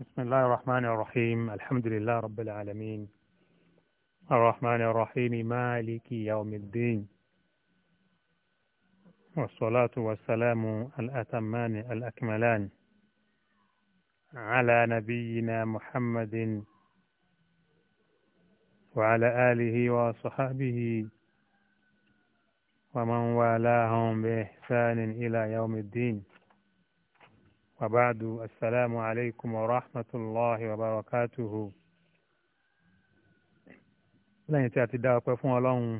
بسم الله الرحمن الرحيم الحمد لله رب العالمين الرحمن الرحيم مالك يوم الدين والصلاة والسلام الأتمان الأكملان على نبينا محمد وعلى آله وصحبه ومن والاهم بإحسان إلى يوم الدين وبعد السلام عليكم ورحمة الله وبركاته lẹ́yìn tí a ti dá ọpẹ́ fún ọlọ́run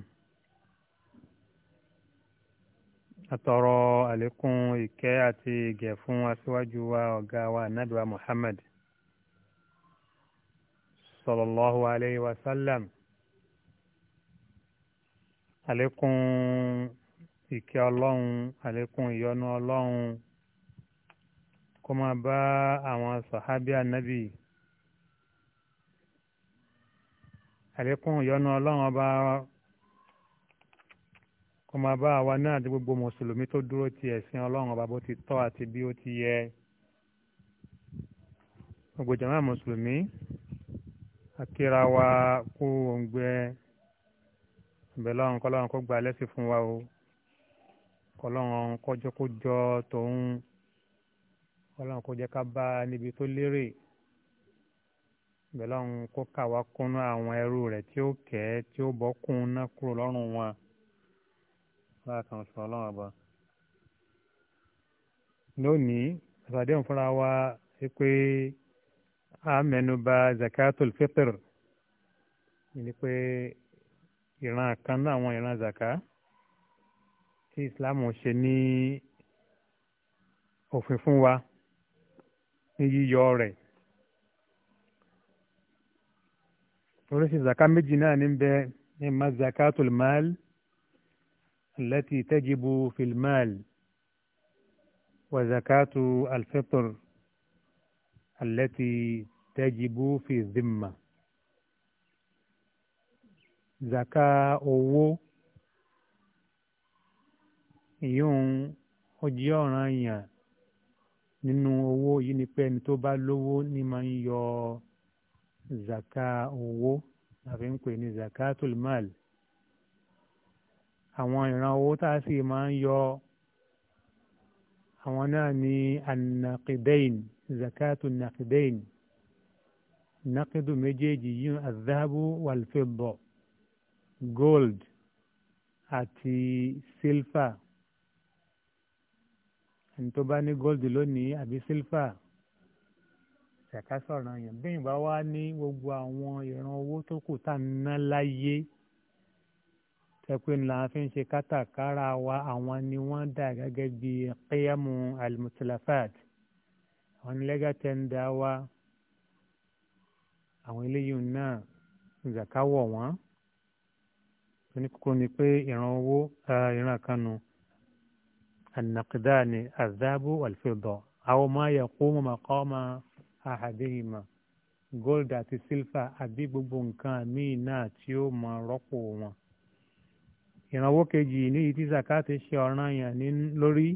atọrọ àlékún ìkẹ́ àti ìgẹ̀ fún aṣíwájú wa ọ̀gá wa anabi wa muhammad sallallahu wa sallam àlékún ìkẹ́ ọlọ́run àlékún ìyọ́nú ọlọ́run kó máa bá àwọn sàhábí ànábì àlékún ìyọ́nú ọlọ́run ọba kó máa bá àwa náà àti gbogbo mùsùlùmí tó dúró ti ẹ̀sìn ọlọ́run ọba bó ti tọ́ àti bí ó ti yẹ gbogbo jàmáà mùsùlùmí akíra wa kú òǹgbẹ ìbẹ̀lọ́run kọ́lọ́run kó gba lẹ́sìn fún wa o kọ́lọ́run kọjọ́ kó jọ ọlọ́run kò jẹ́ ká bá a níbi tó lérè bẹ́lọ́run kó kà wá kúnú àwọn ẹrú rẹ̀ tí ó kẹ́ tí ó bọ́ kún un náà kúrò lọ́rùn wọn láàkàn sọ ọlọ́run ọba. lónìí àtàdéhùn fúnra wa ṣe pé a mẹ́nuba zakatul fitr ni pé ìran kan náà àwọn ìran zaka tí islam ṣe ní òfin fún wa ní yíyọ rẹ̀ oríṣi zaka méjì náà ní bẹ ní ma zakatul mal التي تجب في المال وزكاة الفطر التي تجب في الذمة زكاة owó ìyóhun ó jẹ́ ọ̀ranyàn nínú owó yìí ni pé ẹni tó bá lówó ni máa ń yọ zaka owó àfi ń pè ní zakatul mal àwọn ìran owó tá a sì máa ń yọ àwọn náà ní anakidain zakatu nakidain nakidu méjèèjì yìí azahabu walfebo gold àti silver ẹni bá ní gold lónìí àbí silver ṣàkà sọ̀rọ̀ yẹn bí ìbá wá ní gbogbo àwọn ìran owó tó kù tá à ń ná láyé tẹpẹ́ ńlá fi ń ṣe kátàkárà wa àwọn ni wọ́n dà gẹ́gẹ́ bí kíyàmù almutalafat àwọn lẹ́gà tẹ́ńdà wa àwọn eléyìí náà zaka wọ̀ wọ́n oníkókó ni pé ìran owó ìran kanu. النقدان الذهب والفضة أو ما يقوم مقام أحدهما gold àti silver àbí gbogbo nǹkan míì náà tí ó mọ rọ́pò wọn. ìrànwọ́ kejì ní ìdí zakati ṣe ọ̀ràn yàn ní lórí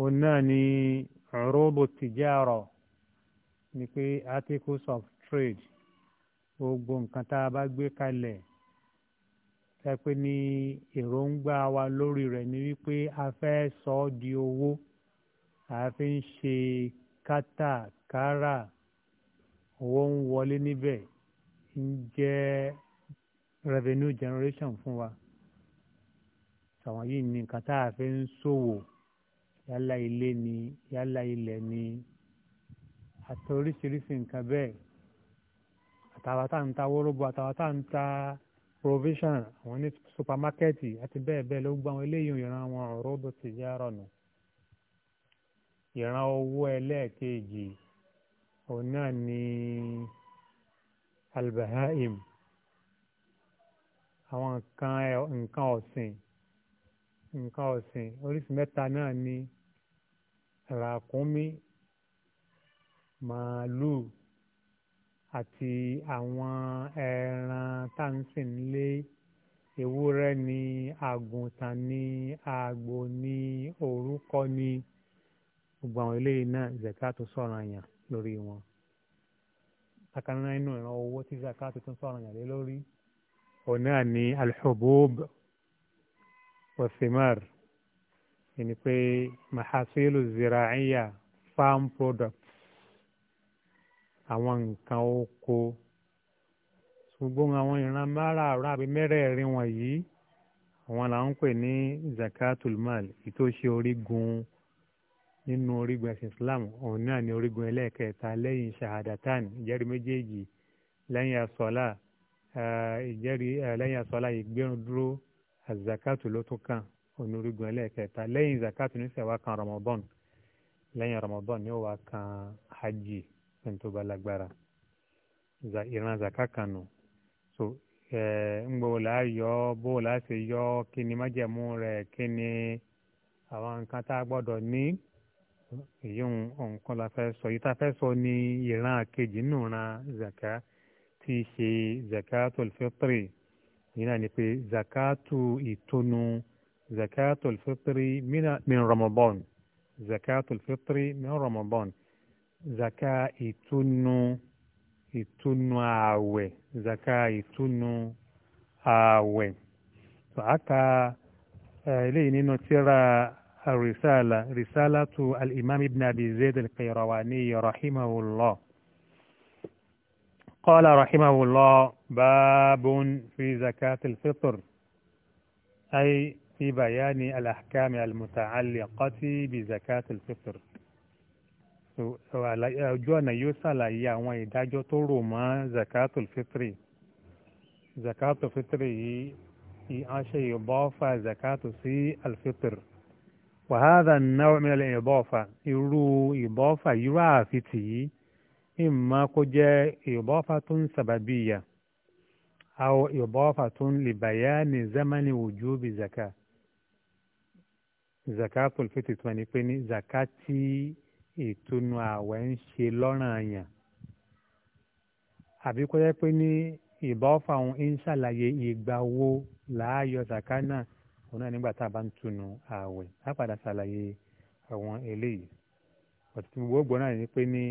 òun náà ni urubu tijara ni pé articles of trade gbogbo nǹkan tá a bá gbé kalẹ̀ sẹpẹ ní èròǹgbà wa lórí rẹ̀ ni wípé a fẹ́ sọ ọ di owó a fi ń ṣe kátàkárà owó ń wọlé níbẹ̀ ń jẹ́ revenue generation fún wa sàwọn yìí ní nǹkan tá a fi ń ṣòwò yálà ilé ni yálà ilẹ̀ ni àti oríṣiríṣi nǹkan bẹ́ẹ̀ àtàwọn tá à ń àtàwọn tá à provision àwọn ní supamakẹ́ẹ̀tì àti bẹ́ẹ̀ bẹ́ẹ̀ ló gbọ́ àwọn eléyìí ìran wọn ọ̀rọ̀ bó ti yá rọ̀nù ìran owó ẹlẹ́ẹ̀kejì òun náà ni albahaim àwọn nǹkan nǹkan ọ̀sìn nǹkan ọ̀sìn oríṣi mẹ́ta náà ni ràkúnmí màálùú àti àwọn ẹran tá ń sìn nílé ewúrẹ́ ni àgùntàn ni àgbò ni òrúkọ ni gbogbo àwọn eléyìí náà zakatu sọ̀rọ̀ àyàn lórí wọn akànnà inú ìran owó tí zakatu tún sọ̀rọ̀ àyàn lé lórí òun náà ni alḥubub wasimar ẹni pé mahasilu ziraaciya farm product àwọn nǹkan oko ṣùgbọ́n àwọn ìran márààrún àbí mẹ́rẹ̀ẹ̀rin wọ̀nyí àwọn là ń pè ní zakatul mal ìtò ṣe orígun nínú orígun ẹ̀sìn islam òun náà ni orígun ẹlẹ́ẹ̀kẹta lẹ́yìn shahadatan ìjẹ́rìí méjèèjì lẹ́yìn asọ́lá eh, ìjẹ́rìí eh, lẹ́yìn asọ́lá ìgbérun dúró azakatu ló tún kàn òun orígun ẹlẹ́ẹ̀kẹta lẹ́yìn zakatu ní sẹ́wà kan ramadan lẹ́yìn ramadan ni ó wà kan hajj fẹ́ni tó bá lágbára ìran zaka kan nù so eh, ńgbọ́wọ́ là á yọ bówó là á ṣe yọ kí ni májẹ̀mú rẹ̀ kí ni àwọn nǹkan tá a gbọ́dọ̀ ní èyí nǹkan la fẹ́ sọ yìí tá a fẹ́ sọ ní ìran kejì nínú ìran zaka tí í ṣe zakatul fitri yìí náà ni pé zakatu ìtọ́nu zakatul fitri min Ramadan zakatul fitri min Ramadan. زكاة تنو تنو آوي زكاة تنو آوي فأكا إلي نينو eléyìí الرسالة رسالة الإمام ابن أبي زيد القيرواني رحمه الله قال رحمه الله باب في زكاة الفطر أي في بيان الأحكام المتعلقة بزكاة الفطر Uh, uh, ojú ọ̀nà yóò ṣàlàyé àwọn ìdájọ́ tó rò mọ́ zakatul fitri zakatul fitri yìí à ń ṣe ìbọ́fà zakatul sí alfitr wàhálà náà mìíràn ìbọ́fà irú ìbọ́fà irú àfitì yìí ìmọ̀ kó jẹ́ ìbọ́fà tó ń sàbàbíyà àwọn ìbọ́fà tó ń lè bàyá ní zamani wujubi zaka zakatul fitri tó wà ní pé ní zakati ìtúnu ààwẹ̀ ń ṣe lọ́ràn yàn àbí kó jẹ́ pé ní ìbáwọ́fà òun ń ṣàlàyé ìgbà wo làáyọ zaka náà òun náà nígbà tá a bá ń túnu ààwẹ̀ á padà ṣàlàyé àwọn eléyìí ọ̀tún gbogbo náà ni pé ní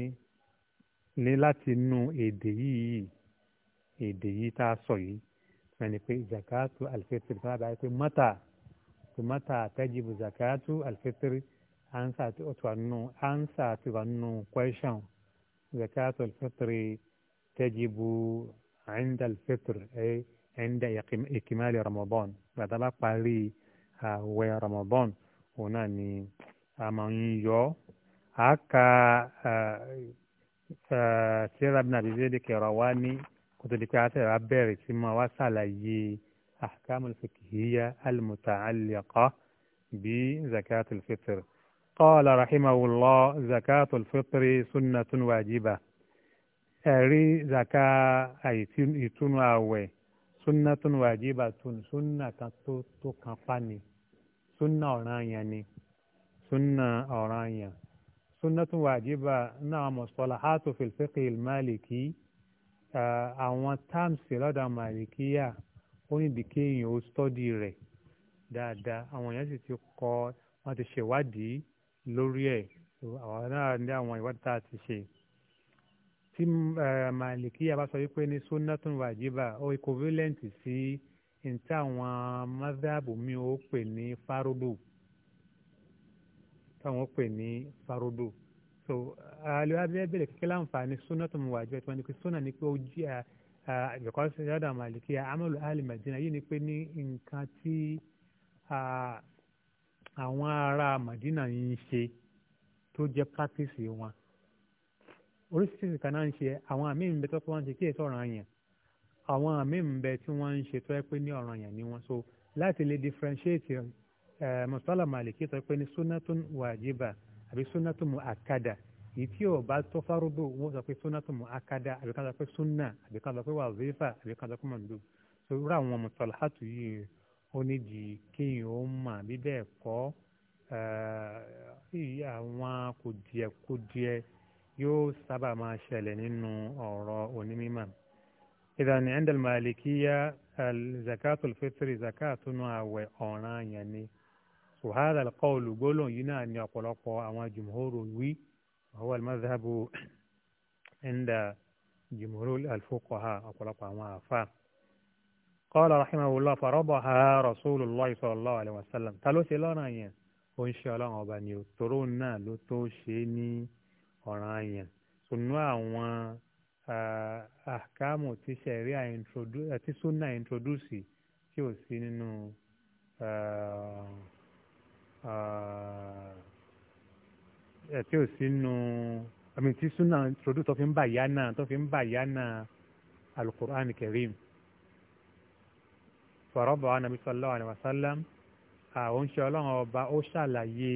ní láti nu èdè yìí èdè yìí tá a sọ yìí fún ẹni pé zakatu alifetiri fún abáyé pé mọ́tà pé mọ́tà àtẹ́jìbù zakatu alifetiri. answer to no answer to no question زكاة الفطر تجب عند الفطر أي عند إكمال رمضان بعد لا قالي هو رمضان هنا ني أما يو هكا سير ابن أبي زيد كرواني كنت ذكرت أبيري ثم وصل يي أحكام الفقهية المتعلقة بزكاة الفطر قال رحمه الله زكاة الفطر سنة واجبة ẹ̀rí zaka ìtúnu àwẹ̀ súnà tó ń wàjíbà tún súnà kan tó tó kan pa ni súnà ọ̀ranyàn ni súnà ọ̀ranyàn súnà tó ń wàjíbà náà mustalahatu fil fiqh al-maliki àwọn táàmsì lọ́dọ̀ màlìkíyà ó ní bí kéèyàn ó stọ́dì rẹ̀ dáadáa àwọn èèyàn sì ti kọ́ wọ́n ti ṣèwádìí lórí ẹ̀ àwọn náà ní àwọn ìwádìí tá a ti ṣe tí màlìkíyà bá sọ wípé ní sunnatun wajiba ó equivalent sí nta àwọn mazhabu mi ó pè ní farudu táwọn ó pè ní farudu so àlọ́ abẹ́bẹ̀rẹ̀ kékeré láǹfààní sunnatun wajiba tí wọ́n ní pé sunna ni pé ó jí à because yàrá màlìkíyà amalu ahli madina yìí ni pé ní nǹkan tí àwọn ará Madina ń ṣe tó jẹ́ practice wọn oríṣiríṣi kan náà ń ṣe àwọn àmì ń bẹ tó wọ́n ń ṣe kí èso ọ̀ràn yẹn àwọn àmì ń bẹ tí wọ́n ń ṣe tó yẹ pé ní ọ̀ràn yẹn ni wọ́n so láti lè differentiate mùsùlùmí màlìkí tó yẹ pé ní sunnatun wàjibà àbí sunnatun mu'akkada èyí tí ò bá tó fárúdò wọ́n sọ pé sunnatun mu'akkada àbí kan sọ pé sunna àbí kan sọ pé wàzífà àbí kan sọ pé mọ̀ndó so rú àwọn mùsùlùmí ó nídìí kéèyàn ó mà bí bẹ́ẹ̀ kọ́ eh, àwọn kùdìẹ̀kùdìẹ̀ yóò sábà máa ṣẹlẹ̀ nínú ọ̀rọ̀ onímọ̀. ìdàní ẹ̀ndẹ̀l màlìkíyà eh, zakatul fitri zakatunu àwẹ̀ ọ̀ràn yẹn ni. sùhádà kọ́ọ̀lù gbólóhùn yìí náà ni ọ̀pọ̀lọpọ̀ àwọn jùmọ̀hóró wí ọ̀wọ́ almadhabu ẹ̀ndà jùmọ̀hóró alfuqaha ọ̀pọ̀lọpọ̀ àwọn àfa qala rahimahullah faradaha rasulullah sallallahu alayhi wa sallam ta ló ṣe lọ́ràn yẹn ó ń ṣe ọlọ́run ọba ni òtòrò náà ló tó ṣe ní ọ̀ràn yẹn sùnú àwọn àkámù tí sẹ̀ríà eh, tí súnà introduce tí ò sí nínú tí ò sí nínú àmì tí súnà introduce tó fi ń bà yá náà tó fi ń bà yá náà alukur'an karim fọ̀rọ̀bọ̀ anabi sallallahu alayhi wa sallam àwọn ṣe ọlọ́run ọba ó ṣàlàyé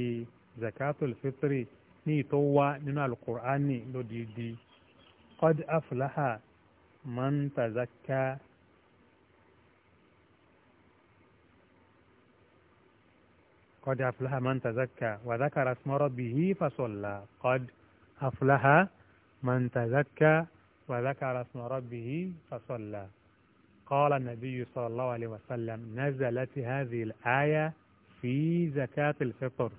zakatul fitri ní ìtò wá nínú alukur'ani lódìdí qad aflaha man قد أفلح من تزكى وذكر اسم ربه فصلى قد أفلح من تزكى وذكر اسم ربه فصلى قال النبي صلى الله عليه وسلم نزلت هذه الآية في زكاة الفطر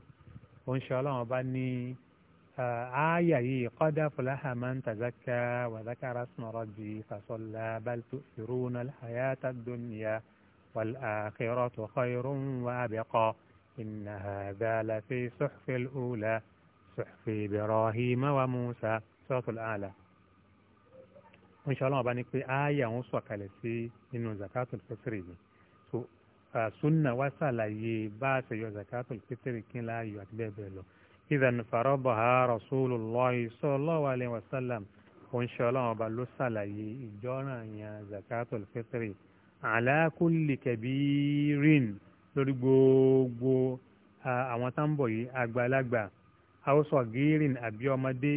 وإن شاء الله بني آه، آية هي قد أفلح من تزكى وذكر اسم ربه فصلى بل تؤثرون الحياة الدنيا والآخرة خير وأبقى إن هذا لفي صحف الأولى صحف إبراهيم وموسى سورة الأعلى ń ṣe ọlọ́wọ́n bá ní pé ááyà ń sọ̀kalẹ̀ sí nínú zakatul fitri ni so sunna wa ṣàlàyé bá a ṣe yọ zakatul fitri kí n la yọ àti bẹ́ẹ̀ bẹ́ẹ̀ lọ idan faradaha rasulullahi sallallahu alayhi wa sallam ń ṣe ọlọ́wọ́n bá ló ṣàlàyé ìjọ́ràn yẹn zakatul fitri ala kulli kabirin lórí gbogbo àwọn tá yìí àgbàlagbà haúsọ̀ gírin àbí ọmọdé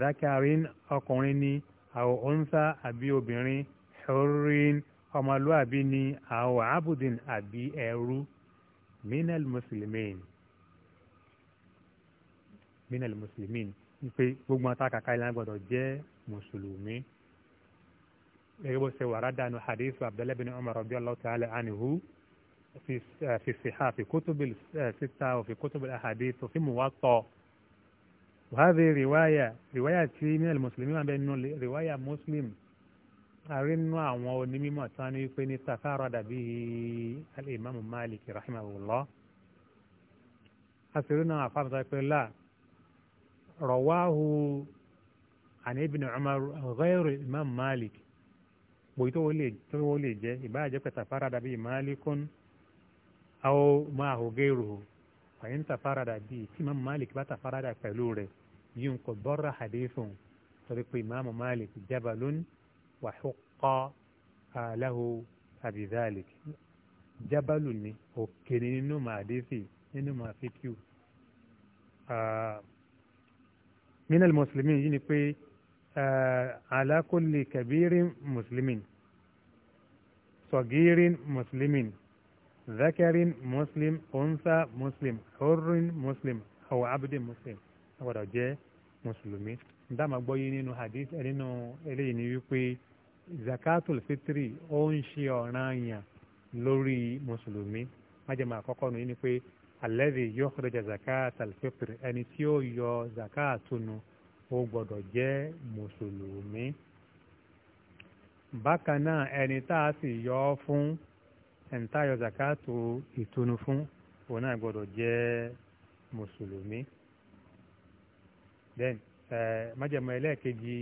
zakarin ọkùnrin ni àwọn onsa àbí obìnrin hurrin ọmọlúàbí ni àwọn abudin àbí ẹrú minal muslimin minal muslimin pé gbogbo ata kàkà ìlànà gbọdọ̀ jẹ́ mùsùlùmí gẹ́gẹ́ bó ṣe wàrà dànù hadith abdullahi bin umar radiyallahu ta'ala anhu fi eh, fi fi kutubil eh, sita fi kutubil ahadith fi muwatta. وهذه رواية رواية تي من المسلمين بين رواية مسلم أرنوا ونمي مؤتاني فين تفارد به الإمام مالك رحمه الله أسرنا أفهم يقول الله رواه عن ابن عمر غير الإمام مالك بويتو لي تو لي جي إبا جبك تفارد به مالك أو هو غيره fàyín tafarada bíi tí imam malik bá tafarada pẹ̀lú rẹ̀ yìí ń kò bọ́ra hadithun torí pé imam malik jabalun wà xuqa alahu abidalik jabalu ni òkè ni nínú màá hadithi nínú màá fikiu. من المسلمين يعني في على كل كبير مسلمين صغير مسلمين ذكر مسلم أنثى مسلم حر مسلم أو عبد مسلم أو جاء مسلمي nta ma gbọ́ yín nínú hadith nínú eléyìí ni wípé zakatul fitri ó ń ṣe ọ̀ranyàn lórí mùsùlùmí májèmá àkọ́kọ́ nù yín ni pé alladhi yukhraja zakatul fitri ẹni tí ó yọ zakatunu ó gbọ́dọ̀ jẹ́ mùsùlùmí. bákan náà ẹ̀ǹtayọ zakato ìtọ́nu fún òun náà gbọ́dọ̀ jẹ́ mùsùlùmí then ẹ májẹ̀mọ́ ẹlẹ́ẹ̀kejì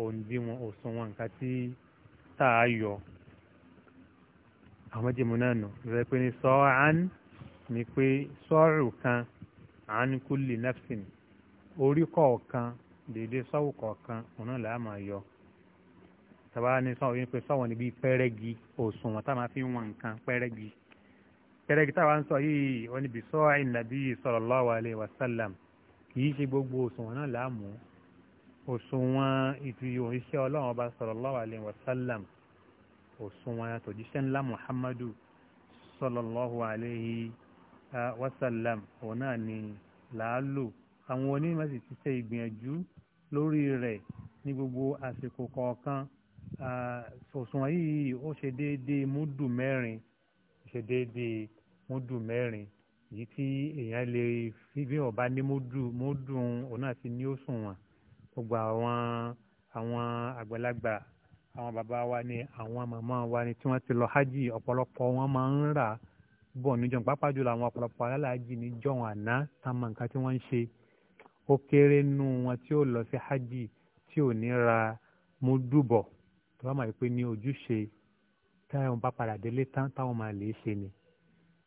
òǹdíwọ̀n òṣùwọ̀n nǹkan tí tá a yọ àwọn májẹ̀mọ́ náà nù rẹ pé ní sọ́ọ̀án ni pé sọ́ọ̀rù kan an kulli nafsin orí kọ̀ọ̀kan dèédé sọ́wù òun náà làá máa yọ tàbá ní sọ́wọ́n yìí pé sọ́wọ́n níbi pẹ́rẹ́gì òṣùwọ̀n tá a máa fi ń wọn nǹkan pẹ́rẹ́gì pẹ́rẹ́gì táwa ń sọ yìí wọ́n níbi sọ́ àìnàbí sallallahu alaihi wasallam kì í ṣe gbogbo òṣùwọ̀n náà láàmú òṣùwọ̀n ìtìyò iṣẹ́ ọlọ́run ọba sallallahu alaihi wasallam òṣùwọ̀n tòjíṣẹ́ ńlá muhammadu sallallahu alaihi wasallam òun náà ni làálò àwọn onímọ̀ sì ti ṣe ìgbìyànjú lórí rẹ̀ ní gbogbo àsìkò kọ̀ọ̀kan òṣùwọ̀n yìí ó ṣe déédéé múdù mẹ́rin ṣe déédéé múdù mẹ́rin èyí tí èèyàn lè fi bí ọba ní múdù múdù òun náà ti ní òṣùwọ̀n gbogbo àwọn àwọn àgbàlagbà àwọn bàbá wa ni àwọn màmá wa ni tí wọ́n ti lọ hajj ọ̀pọ̀lọpọ̀ wọn máa ń rà bọ̀ níjọ́ pàápàá jùlọ àwọn ọ̀pọ̀lọpọ̀ alálàájì níjọ́ àná táwọn nǹkan tí wọ́n ń ṣe ó kéré nù wọn tí ó lọ sí hajj tí ò ní ra múdù bọ̀ tó bá máa pé ní ojúṣe táwọn bá padà délé tán táwọn máa lè ṣe ni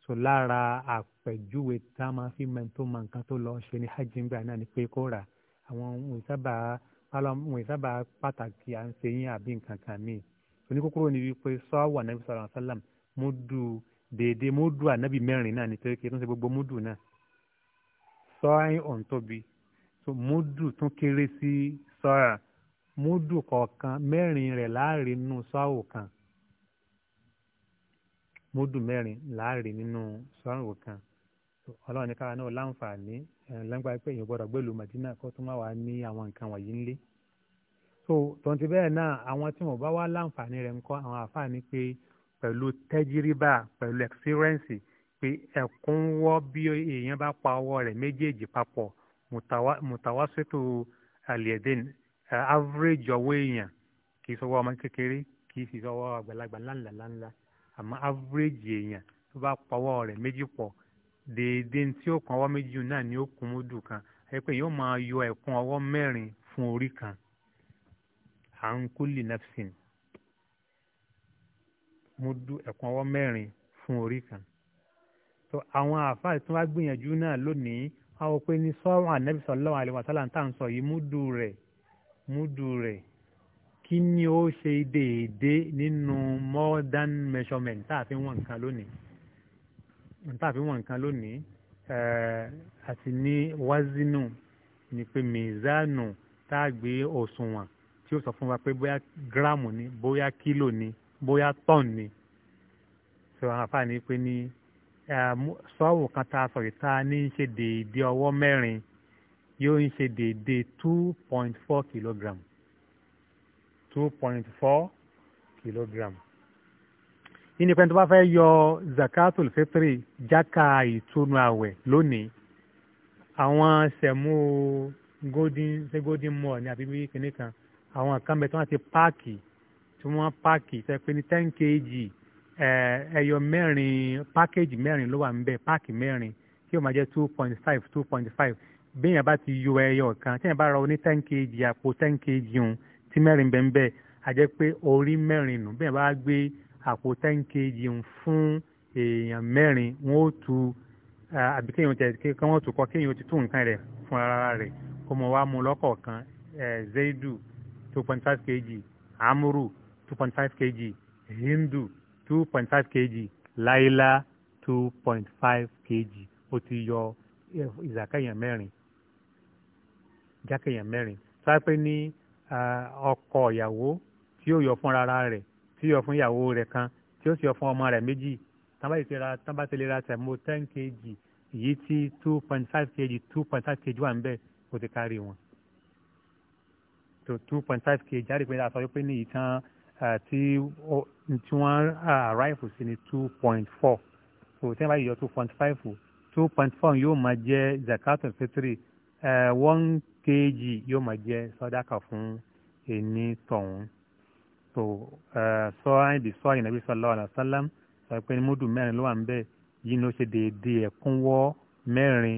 so lára àpèjúwe tá a máa fi mẹ́ tó máa nǹkan tó lọ ṣe ní hajj ń gbà náà ni pé kó rà àwọn òun sábà wọn sábà pàtàkì à ń ṣe yín àbí nǹkan kan míì oníkókóró ni wípé sọ́wọ́ ànábì sọ̀rọ̀ àṣálàm múdù dèédé múdù ànábì mẹ́rin náà nítorí kí n tó ń ṣe gbogbo múdù náà sọ́ọ̀rìn ọ̀ǹtọ́bi múdù tún kéré sí sọ́ọ̀rà múdù kọ̀ọ̀kan mẹ́rin rẹ̀ láàrin nínú sọ́ọ̀wù kan múdù mẹ́rin láàrin nínú sọ́ọ̀wù kan ọlọ́run ní kára náà láǹfààní lẹ́gbàá pé èèyàn gbọ́dọ̀ gbèlú Madina kó tó má wàá ní àwọn nǹkan wọ̀nyí ńlé so tonti bẹ́ẹ̀ náà àwọn tí wọ́n bá wá láǹfààní rẹ̀ ńkọ́ àwọn àǹfààní pé pẹ̀lú tẹ́jíríbà pẹ̀lú ẹ̀kísírẹ́ǹsì pé ẹ̀kún wọ́ bí èèyàn bá pa ọwọ́ rẹ̀ méjèèjì papọ̀ mùtàwásítò àlìẹ̀dẹ́ni average ọwọ́ èèyàn kì í sọwọ́ ọmọ kékeré kì í sì sọwọ́ àgbàlagbà ńláńláńlá àmọ́ average èèyàn tó bá pawọ́ rẹ̀ méjì pọ̀ déédéé tí ó kún ọwọ́ méjì náà ni ó kún múdù kan ẹ pé yóò máa yọ ẹ̀kún ọwọ́ mẹ́rin fún orí kan à ń kúlì nafsin múdù ẹ̀kún ọwọ́ mẹ́rin fún orí kan so àwọn àáfàá tí wọ́n bá gbìyànjú náà lónìí àwọn pé ní sọ́wọ́n ànábì sallallahu alaihi wasallam tá à ń sọ yìí múdù rẹ̀ múdù rẹ̀ kí ni ó ṣe déédé nínú modern measurement tá a fi wọ̀n nǹkan lónìí tá a nǹkan lónìí eh, àti ní wazinu ni pé mizanu tá a gbé òṣùwọ̀n tí ó sọ fún wa pé bóyá gíráàmù ni bóyá kílò ni bóyá tọ́ọ̀n ni sọ àwọn afáàní pé ní eh, sọ́ọ̀wù kan tá a sọ̀rọ̀ tá ní ṣe déédé ọwọ́ mẹ́rin yóò ń ṣe déédé two point four kilogram two point four kilogram yíni pẹ́ńtọ́ bá fẹ́ yọ zakatul fitri jáka ìtúnu àwẹ̀ lónìí àwọn sẹ̀mú golden ṣe golden mall ní àbíbí kìnní kan àwọn kan bẹ tí wọ́n ti páàkì tí wọ́n páàkì tẹ́ pé ní ten kg ẹyọ mẹ́rin package mẹ́rin ló wà ń bẹ páàkì mẹ́rin kí o máa jẹ́ two point five two point five béèyàn bá ti yọ ẹyọ kan téèyàn bá ra oní ten kg àpò ten kg òun tí mẹ́rin bẹ́ẹ̀ bẹ́ẹ̀ àjẹ́ pé orí mẹ́rin nù béèyàn bá gbé àpò ten kg òun fún èèyàn mẹ́rin wọn ó tu àbí kéèyàn tẹ kí wọ́n tún kọ́ kéèyàn ti tún nǹkan rẹ̀ fún ara rẹ̀ kó mọ̀ wá mú lọ́kọ̀ọ̀kan zaidu two point five kg amuru two point five kg hindu two point five kg laila two point five kg ó ti yọ ìzàkà èèyàn mẹ́rin jákèyàn mẹ́rin sápẹ́ ní ọkọ ìyàwó tí yóò yọ fún rárá rẹ̀ tí yóò fún ìyàwó rẹ̀ kan tí yóò sì yọ fún ọmọ rẹ̀ méjì tábà tẹ̀mó ten kg èyí tí two point five kg two point five kg wà ń bẹ̀ kó ti kárí wọn to two point five kg jáde pé aṣọ wípé ní ìtàn tí tí wọ́n arrive sí ni two point four so tí wọ́n bá yọ two point five two point four yóò máa jẹ́ zakato fitri one kéèjì yóò máa jẹ́ sàdáká fún ẹni tọ̀hún tó sọ àìbí sọ àyìnbí Ànábì sallallahu alaihi wasallam sọ pé múdù mẹ́rin ló wà ń bẹ yìí ni ó ṣe déédéé ẹ̀kúnwọ́ mẹ́rin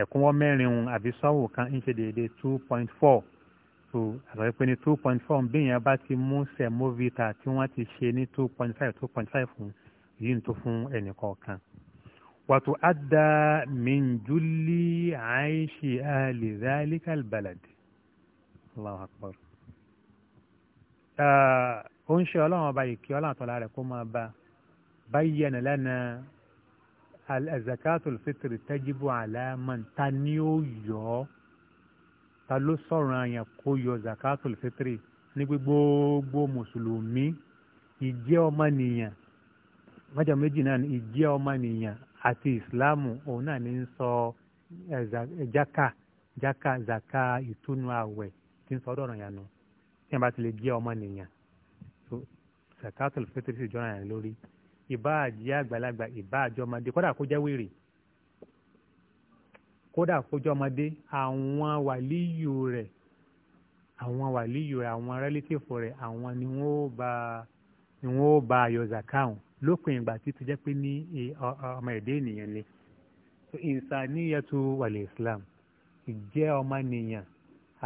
ẹ̀kúnwọ́ mẹ́rin òun àbí sọ́wọ́ kan ń ṣe déédéé two point four so àtàwọn pé ní two point four bí èèyàn bá ti mú sẹ̀móvita tí wọ́n ti ṣe ní two point five two point five fún yìí ń tó fún ẹnì kọ̀ọ̀kan. وتؤدى من جل عيش أهل ذلك البلد الله أكبر ó ń ṣe ọlọ́run ọba ìkí ọlọ́run àtọ́lá rẹ̀ kó máa bá bayyana lana al-zakatul fitr tajibu ala man ta ni ó yọ ọ́ ta ló sọ̀rọ̀ àyàn kó yọ zakatul fitr ní gbogbo mùsùlùmí ìjẹ́ ọmọnìyàn májàméjì náà ìjẹ́ ọmọnìyàn àti ìsìláàmù òun náà ní ń sọ jáka jáka zaka ìtúnu àwẹ̀ tí ń sọ ọdọ̀ ọ̀ràn yànnà tí wọ́n bá ti lè jẹ́ ọmọ nìyàn zakatul fitri sì jọra yàn lórí ìbá àjẹ́ àgbàlagbà ìbá àjọ ọmọdé kódà kó jẹ́ wèrè kódà kó jẹ́ ọmọdé àwọn wàlíyù rẹ̀ àwọn wàlíyù rẹ̀ àwọn rẹ́lítìfù rẹ̀ àwọn ni wọ́n ó bá ni wọ́n ó bá ayọ̀ zakahun lópin ìgbà tí tó jẹ́ pé ní e, ọmọ ẹ̀dẹ́ ènìyàn ni ìsàníyàtú wàlẹ̀ islam ìjẹ́ ọmọ ènìyàn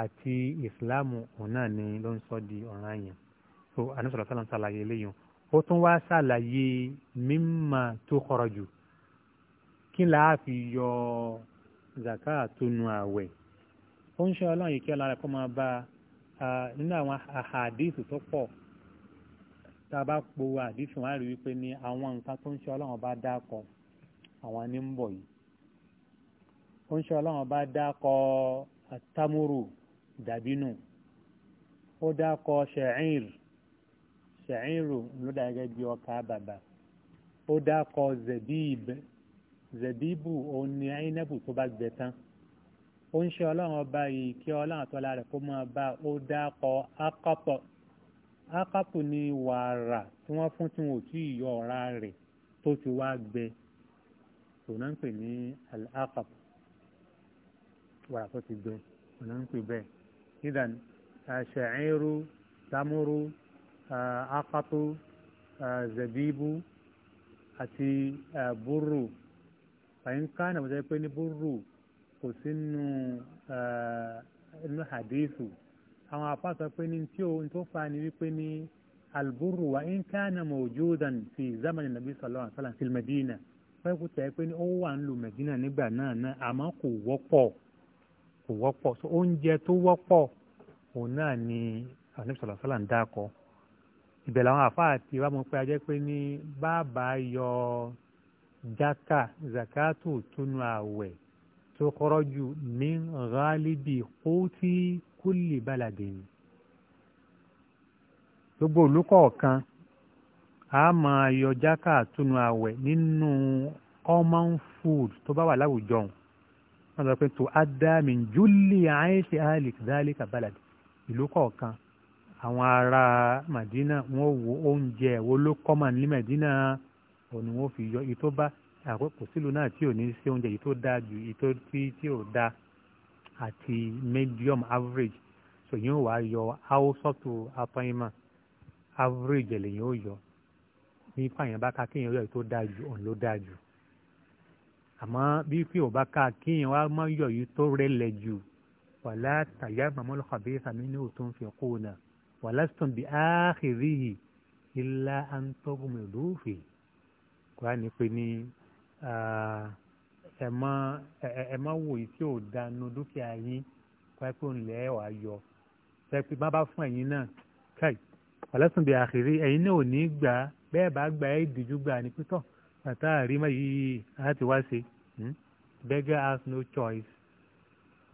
àti ìsìláàmù òun náà ni ló ń sọ di ọ̀ràn yẹn so anusọ̀rọ̀ sálàm ṣàlàyé eléyìí ó tún wá ṣàlàyé mímà tó kọrọ jù kí là á fi yọ zaka tó nu àwẹ̀ ó ń ṣe ọlọ́run yìí kí ọlọ́run kọ́ máa bá a nínú àwọn àhàdíìsì tó pọ̀ tá a bá po àdísùn á rí wípé ní àwọn nǹkan tó ń ṣe ọlọ́run bá dákọ àwọn ní ń bọ̀ yìí ó ń ṣe ọlọ́run bá dákọ àtàmúrù dàbínú ó dákọ ṣẹ̀ẹ́r ṣẹ̀ẹ́rù ló dà gẹ́gẹ́ bí ọkà bàbà ó dákọ zẹ̀bíb zẹ̀bíbù òun ni àyínẹ́bù tó bá gbẹ tán ó ń ṣe ọlọ́run ọba yìí kí ọlọ́run tó lára kó máa bá ó dákọ akọ́pọ̀ ákápù ni wàrà tí wọ́n fún tí wọn ò tí ì yọ ọ̀rá rẹ̀ tó ti wá gbẹ òun náà ń pè ní ákápù wàrà tó ti gbẹ òun náà ń pè bẹ́ẹ̀ nídàn ṣẹ̀ẹ́rú tamuru ákápù zẹ̀bíbù àti búrú fàyínká náà wọ́n ti pè ní búrú kò sínú inú eh, hadithu àwọn apá sọ pé ní tí ohun tó fa ni wípé ní alburu wa in kana mawjudan fi zamani nabi sallallahu alaihi wasallam fil madina fẹ́ẹ́ kú tẹ̀ pé ní ó wà ń lu medina nígbà náà náà àmọ́ kò wọ́pọ̀ kò wọ́pọ̀ so oúnjẹ tó wọ́pọ̀ òun náà ni anabi sallallahu alaihi wasallam ń dákọ ibẹ̀ làwọn àfáà ti wá mọ̀ pé ajẹ́ pé ní bàbá yọ jaka zakatu tunu àwẹ̀ tó kọ́rọ́ jù min ghalibi quti kulli baladin gbogbo ìlú kọ̀ọ̀kan a máa yọ jáká àtúnu àwẹ̀ nínú common food tó bá wà láwùjọ wọn sọ pé tó adami júlì àìsí alik dálíkà balad ìlú kọ̀ọ̀kan àwọn ará Madina wọn wo oúnjẹ wo ló kọ́mà ní Madina òní wọn fi yọ èyí tó bá àkókò sílùú náà tí ò ní sí oúnjẹ èyí dáa ju èyí tí tí ò dáa àti medium average so yóò wá yọ haúsọ́tò apọ́nyìmọ̀ average ẹ̀ lèyìn ó yọ ní pààyàn bá ká kéèyàn yọ ètò dáa jù òun ló dáa jù àmọ́ bí pé ò bá ká kéèyàn wá mọ́ yọ yìí tó rẹlẹ̀ jù wàlá tàyà mamul khabitha minhu tunfiquna walastum bi akhirihi illa an tughmidu fi kò á ní pé ní. Ah, ẹ má ẹ má wò yìí tí ò dànù dúkìá yín pẹ́pẹ́ òǹlẹ̀ ẹ̀ wá yọ pẹ́pẹ́ bá bá fún ẹ̀yin náà káì ọ̀lẹ́sùn bíi àkèrè ẹ̀yin náà ò ní gbà á bẹ́ẹ̀ bá gbà ẹ́ ìdíjú gbà ní pítọ̀ bàtà àrímọ̀ yìí láti wá ṣe hmm? beggar has no choice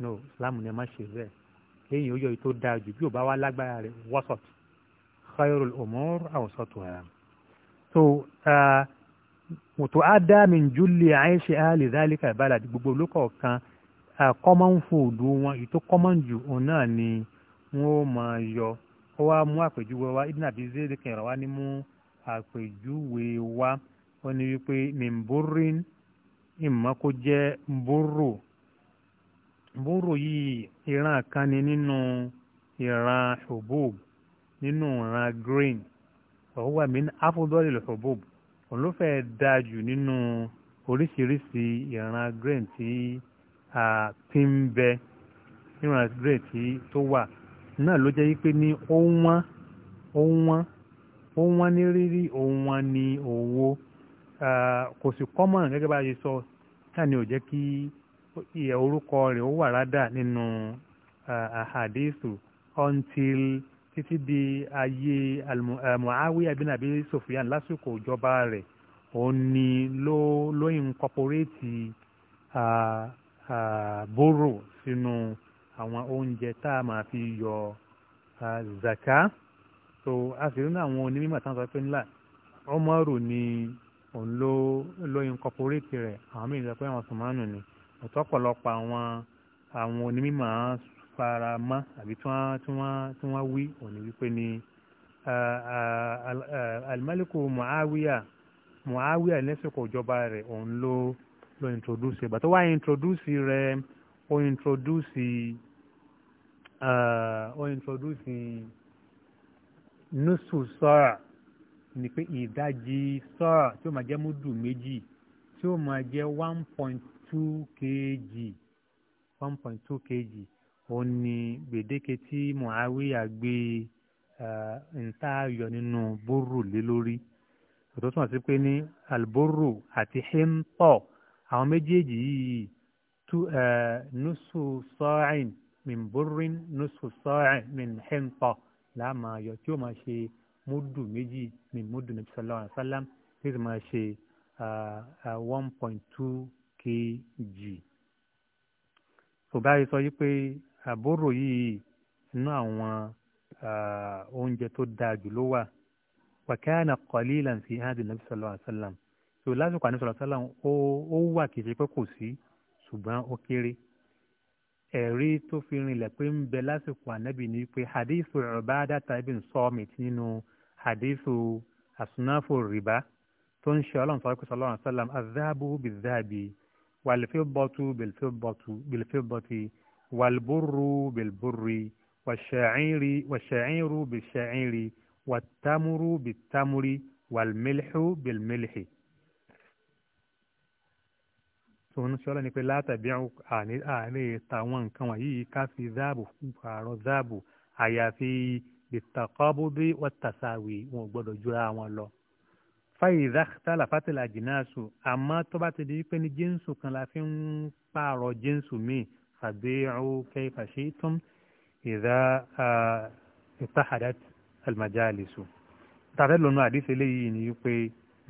no Islam ni ẹ má ṣe bẹ́ẹ̀ kéèyàn ó yọ ètò dáa jù bí ò bá wá lágbára rẹ̀ wọ́sọ̀t khairul umur awsatuha so. Uh, ada ádámì júlì àìṣe àlè dálíkà ìbálàdì gbogbo olókọ̀ọ̀kan common food wọn ito common jù òun ni wọn ò máa yọ ó wá mú àpèjúwe wá ibn abi zayd kẹrọ wá ní mú àpèjúwe wá ó ní wípé mimburin ìmọ̀ kó jẹ́ mbúrò mbúrò yìí ìran kan ni nínú ìran hubub nínú ìran green ọ̀hún wà mí ní afúdọ́lì hubub òun ló fẹ́ẹ́ dáa jù nínú oríṣiríṣi ìran grain tí a ti ń bẹ ìran grain tí tó wà náà ló jẹ́ wípé ní ó wọ́n ó wọ́n ó wọ́n ní rírí ní owó kò sì gẹ́gẹ́ bá a ṣe sọ náà ni ò jẹ́ kí orúkọ rẹ̀ ó wà rádà nínú until. títí di ayé eh, Muawiya bin Abi Sufyan lásìkò ìjọba rẹ̀ òun ni ló ló incorporate bóró sínú àwọn oúnjẹ tá a máa fi yọ zaka so a sì rí ní àwọn onímọ̀ tán sọ pé ńlá Umaru ni òun ló ló incorporate rẹ̀ àwọn mìíràn sọ pé àwọn sùmánù ni ọ̀tọ́pọ̀lọpọ̀ àwọn àwọn onímọ̀ fara mọ́ àbí tí wọ́n tí wọ́n tí wọ́n wí òní wípé ni alimaliku muawiya muawiya lẹ́sìkò ìjọba rẹ̀ òun ló ló introduce e. ìgbà tó wá introduce rẹ̀ ó introduce ó introduce nusu sọ́ra ni pé ìdajì sọ́ra tí ó máa jẹ́ múdù méjì tí ó máa jẹ́ one point two kg one point two kg òun ni gbèdéke tí muawiya gbé nta yọ nínú bóró lé lórí òtún túmọ̀ sí pé ní albóró àti hímpọ̀ àwọn méjèèjì yìí nusu sa'in min burrin nusu sa'in min hímpọ̀ láàmà yọ tí ó máa ṣe múdù méjì min múdù nàbí sallallahu alaihi wasallam tí ó máa ṣe one point two kg. so báyìí sọ yí pé àbúrò yìí inú àwọn oúnjẹ tó dáa jù ló wà wàkẹ́hánà kọ́lílà sí hádìí nàbí sallallahu alaihi wasallam so lásìkò àníṣe sallallahu alaihi wasallam ó wà kì í ṣe pé kò sí ṣùgbọ́n ó kéré ẹ̀rí tó fi rinlẹ̀ pé ń bẹ lásìkò ànábì ni pé hadithu Ubadata ibn Samit nínú hadithu asnafu rìbá tó ń ṣe ọlọ́run sọ́kùn sallallahu alaihi wasallam azáàbù wàlẹ́fẹ́ bọ́tù bìlẹ́fẹ́ bọ́tù bìlẹ́fẹ́ bọ́tù والبر بالبر والشعير والشعير بالشعير والتمر بالتمر والملح بالملح tòun ṣọlá ni pé látàbí àárẹ̀ tàwọn nǹkan wọ̀nyí ká fi záàbù pààrọ̀ záàbù àyàfi ìtàkọ́bùdí wọ́tàsáwì wọn ò gbọ́dọ̀ jura wọn lọ. fàyíza tálà fátìlà jìnnà sùn àmọ́ ti di pé ní jíǹsù kan la fi ń pààrọ̀ jíǹsù míì فبيعوا كيف شئتم إذا اتحدت المجالس tàbí lónú àdìsí eléyìí ni pé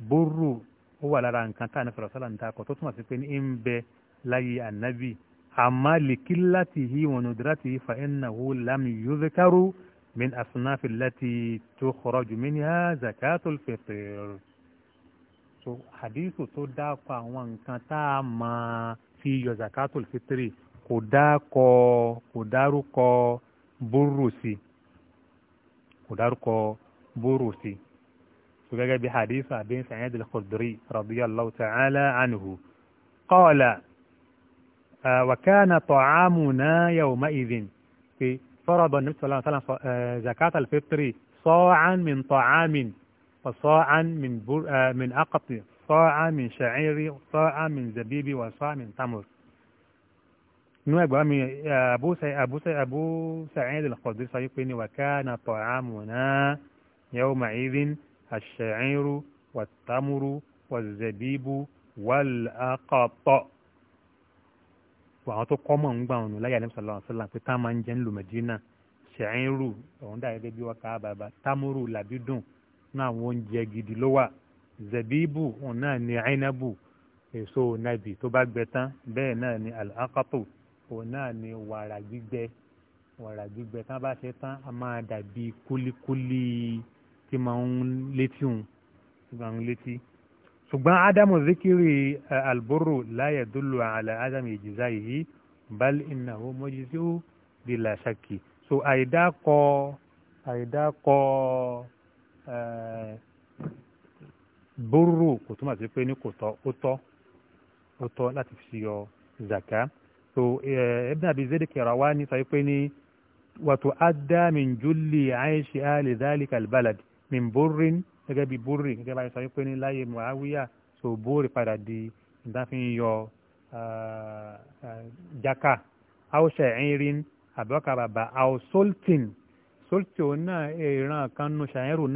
búrú ó wà lára nǹkan tá a ní sọ̀rọ̀ sọ́la ń takọ̀ tó túmọ̀ sí pé ní ń bẹ láyé ànábì àmọ́ likilatihi wa nudratihi fa innahu lam yudhkaru min asnafi allati tukhraju minha zakatul fitr. so àdìsí tó dákọ̀ àwọn nǹkan tá a máa fi yọ zakatul fitri kò dákọ kò dárúkọ búrú kò dárúkọ búrú gẹ́gẹ́ bí hadith bin Sa'id al-Khudri radiyallahu ta'ala anhu qala wa kana ta'amuna yawma idhin yawma'idhin pé فرض النبي صلى الله عليه al-fitr sa'an min ta'amin wa sa'an min min aqti sa'an min sha'iri sa'an min zabibi wa sa'an min tamr nú ẹgbàá mi Abu Sa'id al-Khudri sọ pé ní wa kana ta'amuna yawma idhin ash-sha'iru wat-tamru waz-zabibu wal-aqat àwọn tó kọ́ mọ̀ ń gbà ọ̀nà láyé àdéhùn sọ̀rọ̀ sọ̀rọ̀ pé tá a máa ń jẹ́ ń lò Mẹ́dínà ṣẹ̀ẹ́rù ọ̀hún dà gẹ́gẹ́ bí wọ́n ká bàbá támúrù làbídùn náà àwọn oúnjẹ gidi ló wà zẹ̀bíìbù náà ni àìnábù èso nàbì tó bá gbẹ tán bẹ́ẹ̀ náà ni àlàkàtò òun náà ni wàrà gbígbẹ wàrà gbígbẹ tí wọ́n bá ṣe tán a máa dàbí kúlíkúlí tí máa ń létí òun tí máa ń létí. ṣùgbọ́n ádámù zikiri eh, alboro la yadullu ala ádámù ìjìzá yìí bal innahu mujzi'u bila shakki so àìdákọ àìdákọ eh, bóró kò túmọ̀ sí pé ní kò tọ́ ó tọ́ ó tọ́ láti fi yọ zaka so eh, ibn abi zayd kirawani sọ pé ní wàtò adá min julli aishi ali dhalika albalad min burrin gẹ́gẹ́ bí burri gẹ́gẹ́ báyìí sọ pé ní láyé muawiya so burri padà di ìdáfin yọ eh, eh, jaka aw sha'irin àbọ̀kà bàbà aw sultin sultin òun náà ìran kan nu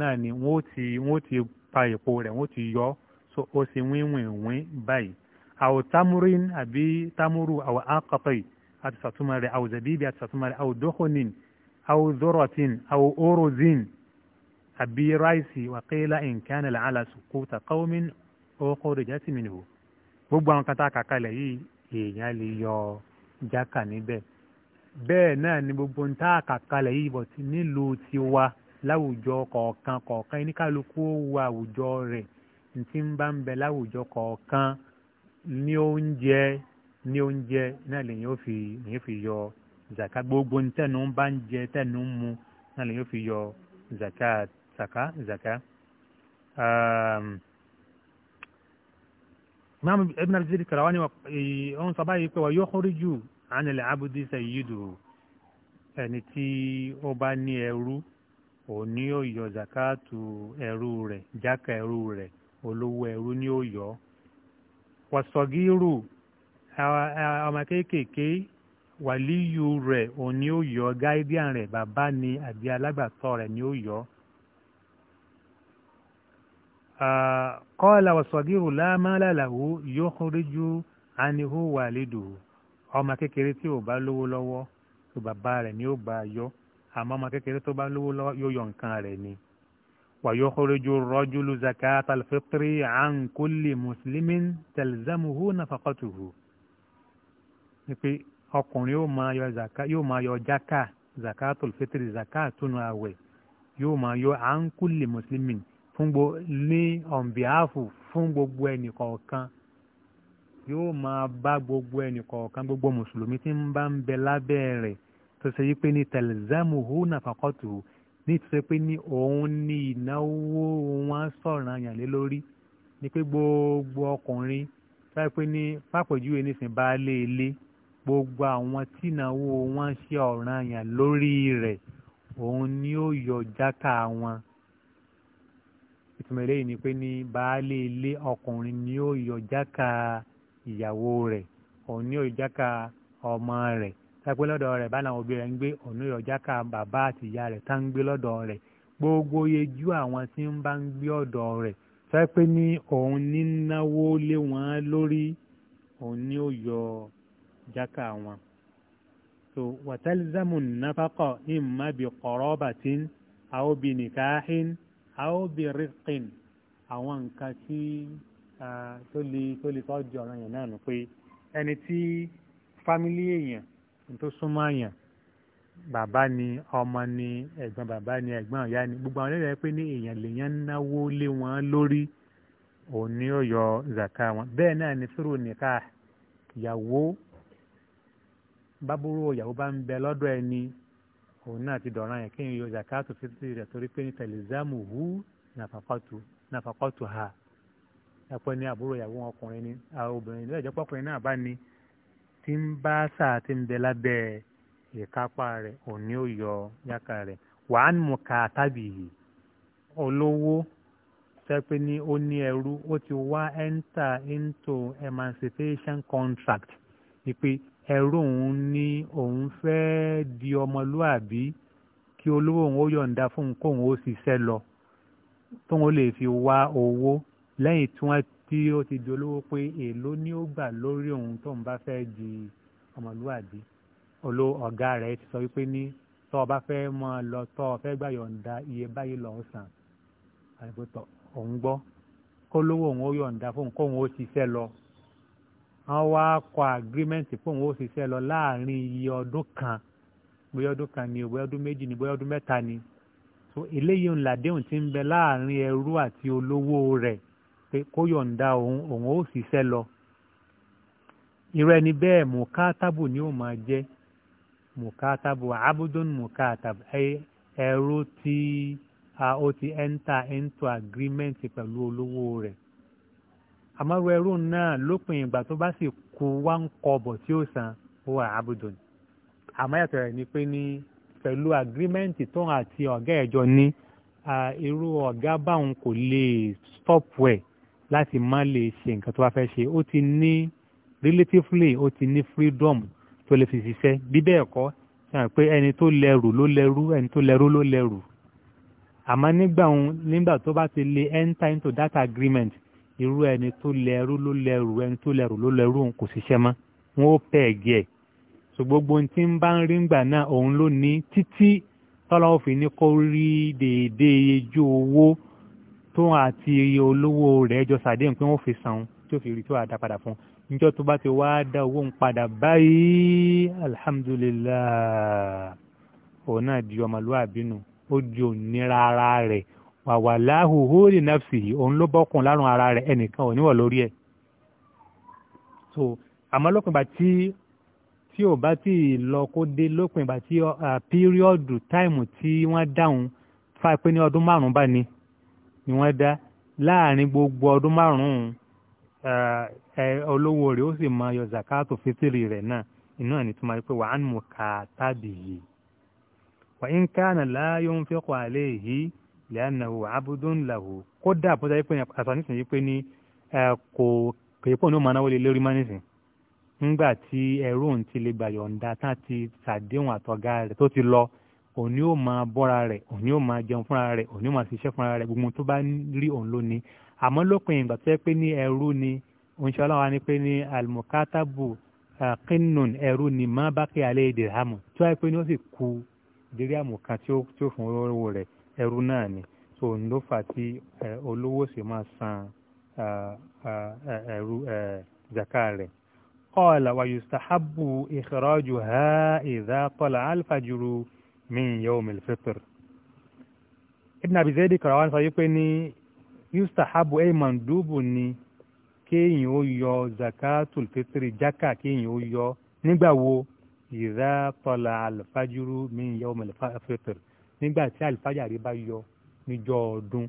náà ni wọ́n ti wọ́n ti pa èpo rẹ̀ wọ́n ti yọ so ó sì wíwìn wín báyìí àwò tamurin àbí tamuru àwò akọ̀tọ̀ì àti sàtúmọ̀ rẹ̀ àwò zabibi àti sàtúmọ̀ rẹ̀ àwò dọ́kọ̀nin àwò zorotin àwò orozin àbí ráìsì wàkẹ́lá nǹkan làálà sùkúta kọ́wọ́mìn ọkọ̀ rẹ̀ jásí mi nìho gbogbo àwọn kata kàkálẹ̀ yìí èèyàn lè yọ jákà níbẹ̀ bẹ́ẹ̀ náà ni gbogbo ń tá àkàkalẹ̀ yìí bọ̀ tí nílùú tiwa láwùjọ kọ̀ọ̀kan kọ̀ọ̀kan ní ó wo àwùjọ rẹ̀ ní ń bá ń bẹ láwùjọ kọ̀ọ̀kan ní oúnjẹ ní oúnjẹ náà lèyìn ó fi lèyìn fi yọ zaka gbogbo tẹnu bá ń jẹ tẹnu ń mu náà lèyìn ó fi yọ zaka zaka um, zaka. imam ibn al-jiri karawani ọ̀hún sábà yìí pé wà yóò kórè jù ànilẹ̀ abudu sayidu ẹni tí ó bá ní ẹrú òun ni yóò yọ zakatu ẹrú rẹ̀ jáka ẹrú rẹ̀ olówó ẹrú ni yóò yọ wàsọ̀gírù ọmọ kéékèèké wàlíyù rẹ̀ òun ni ó yọ gáídíàn rẹ̀ bàbá ni àbí alágbàtọ́ rẹ̀ ni ó yọ. kọ́ọ̀lá wàsọ̀gírù lámàlàlàwò yóò kúrẹ́jú anihu wàlédù ọmọ kékeré tí ò bá lówó lọ́wọ́ tó bàbá rẹ̀ ni ó bá yọ àmọ́ ọmọ kékeré tó bá lówó lọ́wọ́ yóò yọ nǹkan rẹ̀ ni. ويخرج الرجل زكاة الفطر عن كل مسلم تلزمه نفقته pé ọkùnrin yóò máa yọ zaka yóò máa yọ jaka zakatul fitri zakatunu àwẹ̀ yóò máa yọ an kulli muslimin fún gbo ní on behalf fún gbogbo ẹnì kọ̀ọ̀kan yóò máa bá gbogbo ẹnì kọ̀ọ̀kan gbogbo mùsùlùmí tí ń bá ń bẹ lábẹ́ rẹ̀ tó ṣe yí pé ní tẹ̀lẹ́zámù hù nàfàkọ́tù nítorí pé ní òun ni ìnáwó wọn sọ̀ràn àyàn lé lórí ni pé gbogbo ọkùnrin sáré pé ní pápẹ̀júwe nísìnyí baálé ilé gbogbo àwọn tí ìnáwó wọn ṣe ọ̀ràn àyàn lórí rẹ̀ òun ni ó yọ jáká wọn ìtumọ̀ eléyìí ni pé ní baálé ilé ọkùnrin ni ó yọ jáká ìyàwó rẹ̀ òun ni ó yọ jáká ọmọ rẹ̀ tẹ́pẹ́ lọ́dọ̀ rẹ̀ bá làwọn òbí rẹ̀ ń gbé ọ̀nà ìrọ̀jà ká bàbá àti ìyá rẹ̀ tá ń gbé lọ́dọ̀ rẹ̀ gbogbo yejú àwọn tí ń bá ń gbé ọ̀dọ̀ rẹ̀ tẹ́pẹ́ ní òun ní náwó lé wọn lórí òun ní ó yọ jáká wọn. tó wàtálísàmù náfàkọ̀ ìmá bí qarabatin aw bí nìkáhìn aw bí ríkìn àwọn nǹkan tí tó lè tó lè tọ́jú ọ̀ràn yẹn náà nù pé ẹni tí fámílì èèyàn tó súnmọ́ àyàn bàbá ni ọmọ ni ẹ̀gbọ́n bàbá ni ẹ̀gbọ́n ìyá ni gbogbo àwọn ẹlẹ́rìí pé ní èèyàn lèèyàn náwó lé wọn lórí òun ni ó yọ zaka wọn bẹ́ẹ̀ náà ni fúrò nìka ìyàwó bábúrò ìyàwó bá ń bẹ lọ́dọ̀ ẹni òun náà ti dọ̀ràn yẹn kéèyàn yọ zakatu fitiri rẹ̀ torí pé ní tẹ̀lẹ́sàmù hu nàfàkọ́tù ha ẹ̀pọ̀ ni àbúrò ìyàwó ọkùnrin ni obìnrin ní ẹ̀jẹ̀ pọ́kùnrin náà bá ní tí ń bá sáà tí ń bẹ lábẹ́ ìkápá rẹ̀ òní ò yọ yàkà rẹ̀ wàá mú ká tàbí yìí olówó sẹ́pẹ́ ní ó ní ẹrú ó ti wá enter into emancipation contract ni pé ẹrú òun ní òun fẹ́ di ọmọlúàbí kí olówó òun ó yọ̀ǹda fún un kóun ó ṣiṣẹ́ lọ tóun ó lè fi wá owó lẹ́yìn tí wọ́n tí ó ti dolówó pé èèló ni ó gbà lórí òun tóun bá fẹ́ di ọmọlúwàbí olo ọ̀gá rẹ̀ ti sọ wípé ní tọ́ ọ bá fẹ́ mọ́ ọ lọ tọ́ ọ fẹ́ gbà yọ̀ǹda iye báyìí lọ́ọ́ sàn àìpótọ́ òun gbọ́ kó lówó òun ó yọ̀ǹda fóun kóun ó ṣiṣẹ́ lọ wọ́n wá kọ agreement fóun ó ṣiṣẹ́ lọ láàrin iye ọdún kan bóyá ọdún kan ni bóyá ọdún méjì ni bóyá ọdún mẹ́ta ni so eléyìí ńlá déhùn ti ń bẹ láàrin ẹrú àti olówó rẹ̀ pé kó yọ̀ǹda òun òun ó ṣiṣẹ́ lọ irú ẹni bẹ́ẹ̀ mùkátàbù ni ó máa jẹ́ mùkátàbù abudun mùkátàbù ẹrú tí ó ti enter into agreement pẹ̀lú olówó rẹ̀ àmọ́rú ẹrú náà lópin ìgbà tó bá sì kú wá ń kọbọ̀ tí ó san ó wà abudun àmọ́ yàtọ̀ rẹ̀ ni pé ní pẹ̀lú agreement tóun àti ọ̀gá ẹ̀jọ ní irú ọ̀gá báwọn kò lè stop well láti má lè ṣe nǹkan tó bá fẹ́ ṣe ó ti ní relatively ó ti ní freedom tó lè fi ṣiṣẹ́ bí bẹ́ẹ̀ kọ́ sàn pé ẹni tó lẹ́rù ló lẹ́rù ẹni tó lẹ́rù ló lẹ́rù àmọ́ nígbà òun nígbà tó bá ti lè enter into that agreement irú ẹni tó lẹ́rù ló lẹ́rù ẹni tó lẹ́rù ló lẹ́rù òun kò ṣiṣẹ́ mọ́ wọn ó pẹ́ ẹ̀gẹ́ ẹ̀ so gbogbo ohun tí ń bá ń rí ngbà náà òun ló ní títí tọ́lá òfin ní kó rí déédéé ijó owó tóun àti iye olówó rẹ̀ jọ sàdéhùn pé wọ́n fi san tí ó fi rí tí wàá dá padà fún un níjọ́ tó bá ti wá dá owó ń padà báyìí alhamdulilah òun náà di ọmọlúwàbí nù ó di òníra ara rẹ̀ wàwà láhùhù nàfsì òun ló bọ́kùn lárùn ara rẹ̀ ẹnìkan ò níwọ̀ lórí ẹ̀ so àmọ́ lópin ìgbà tí tí ò bá tí ì lọ kó dé lópin ìgbà tí píríọ̀dù táìmù tí wọ́n dáhùn fáìpé ní ọdún márùn bá ní ni wọ́n dá láàrin gbogbo ọdún márùn-ún olówó rẹ̀ ó sì máa yọ zakato fitiri rẹ̀ náà inú ẹ̀ ní tó máa pé wà á ń mú ká tábì yìí wà á ń kánà láàyò ń fẹ́kọ̀ àlẹ́ yìí lẹ́yìn náà àbúdó ńlá wò kódà bó dáa pé àtàwọn nísìnyí pé ní kò kò yípo ní ó máa náwó lé lórí mánìsìn ńgbà tí ẹrú òun ti lè gbà yọ̀ǹda tán ti ṣàdéhùn àtọ̀gá rẹ̀ tó ti lọ òun ni ó máa bọ́ra rẹ̀ òun ni ó máa jẹun fúnra rẹ̀ òun ni ó máa ṣiṣẹ́ fúnra rẹ̀ gbogbo tó bá rí òun ló ní àmọ́ lópin ìgbà tó yẹ pé ní ẹrú ni oníṣẹ́ ọlọ́wà ni pé ní almukatabu qinnun ẹrú ni má bá kí alẹ́ dirhamu tó yẹ pé ní ó sì ku dirhamu kan tí ó fún owó rẹ̀ ẹrú náà ni so òun ló fà tí olówó sì máa san ẹrú zaka rẹ̀ qala wa yustahabbu ikhrajuha idha tala min yawmil fitr ibn abi zayd karawan sọ wípé ní yustahabu ẹ mandubu ni kéèyàn ó yọ zakatul fitri jaka kéèyàn ó yọ nígbà wo ìdá tọ́la alfajuru min yawmil fitr nígbà tí alfajari bá yọ níjọ́ ọdún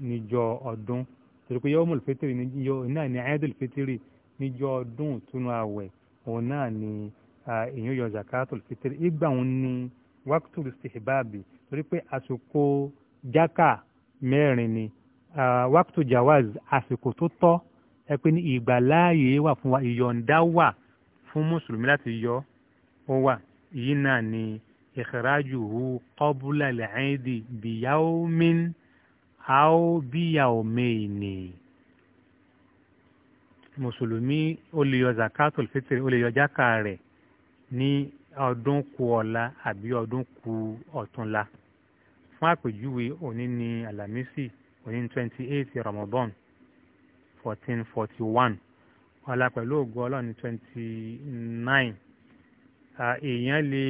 níjọ́ ọdún torí pé yawmil fitri náà ní ayédèl fitri níjọ́ ọdún túnú àwẹ̀ òun náà ní èèyàn yọ zakatul fitr ìgbà òun ni wákàtúrú stihbabi torí pé àsìkò jákà mẹ́rin ni wákàtú jawaz àsìkò tó tọ́ ẹ pé ní ìgbàláàyè wà fún wa ìyọ̀ǹda wà fún mùsùlùmí láti yọ ó wà yìí náà ni ìkìrájùhù qabla al-eidi biyawmin aw biyawmayni mùsùlùmí ó lè yọ zakatul fitr ó lè yọ jákà rẹ̀ ní ọdún ku ọ̀la àbí ọdún ku ọ̀túnla fún àpèjúwe òní ní alamisi òní ní twenty eight ramadan fourteen forty one ọ̀la pẹ̀lú ògo ọlọ́run ní twenty nine èèyàn lè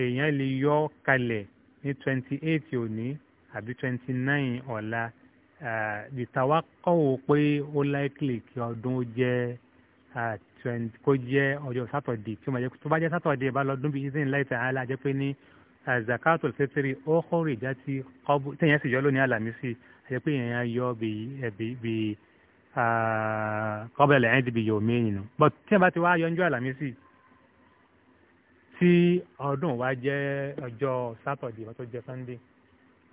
èèyàn lè yọ kalẹ̀ ní twenty eight òní àbí twenty nine ọ̀la bìtàwá kọ́wọ́ pé ó láìkìlì kí ọdún ó jẹ́ kó jẹ́ ọjọ́ sátọ̀dé tí tó bá jẹ́ sátọ̀dé bá lọ dúnbí ìsìn láì tàn án la jẹ́ pé ní zakatul fitri ó kórè jáde kọ́bù tẹ̀yẹ́ sì yọ lónìí àlàmísì àti pé èèyàn yọ bíi kọ́bẹ̀lẹ̀ ẹ̀ẹ́dì bíi yòómi ẹ̀yìn nù. bọ́t tí wọ́n bá ti wá yọjú àlàmísì tí ọdún wa jẹ́ ọjọ́ sátọ̀dé wọ́n tó jẹ́ sunday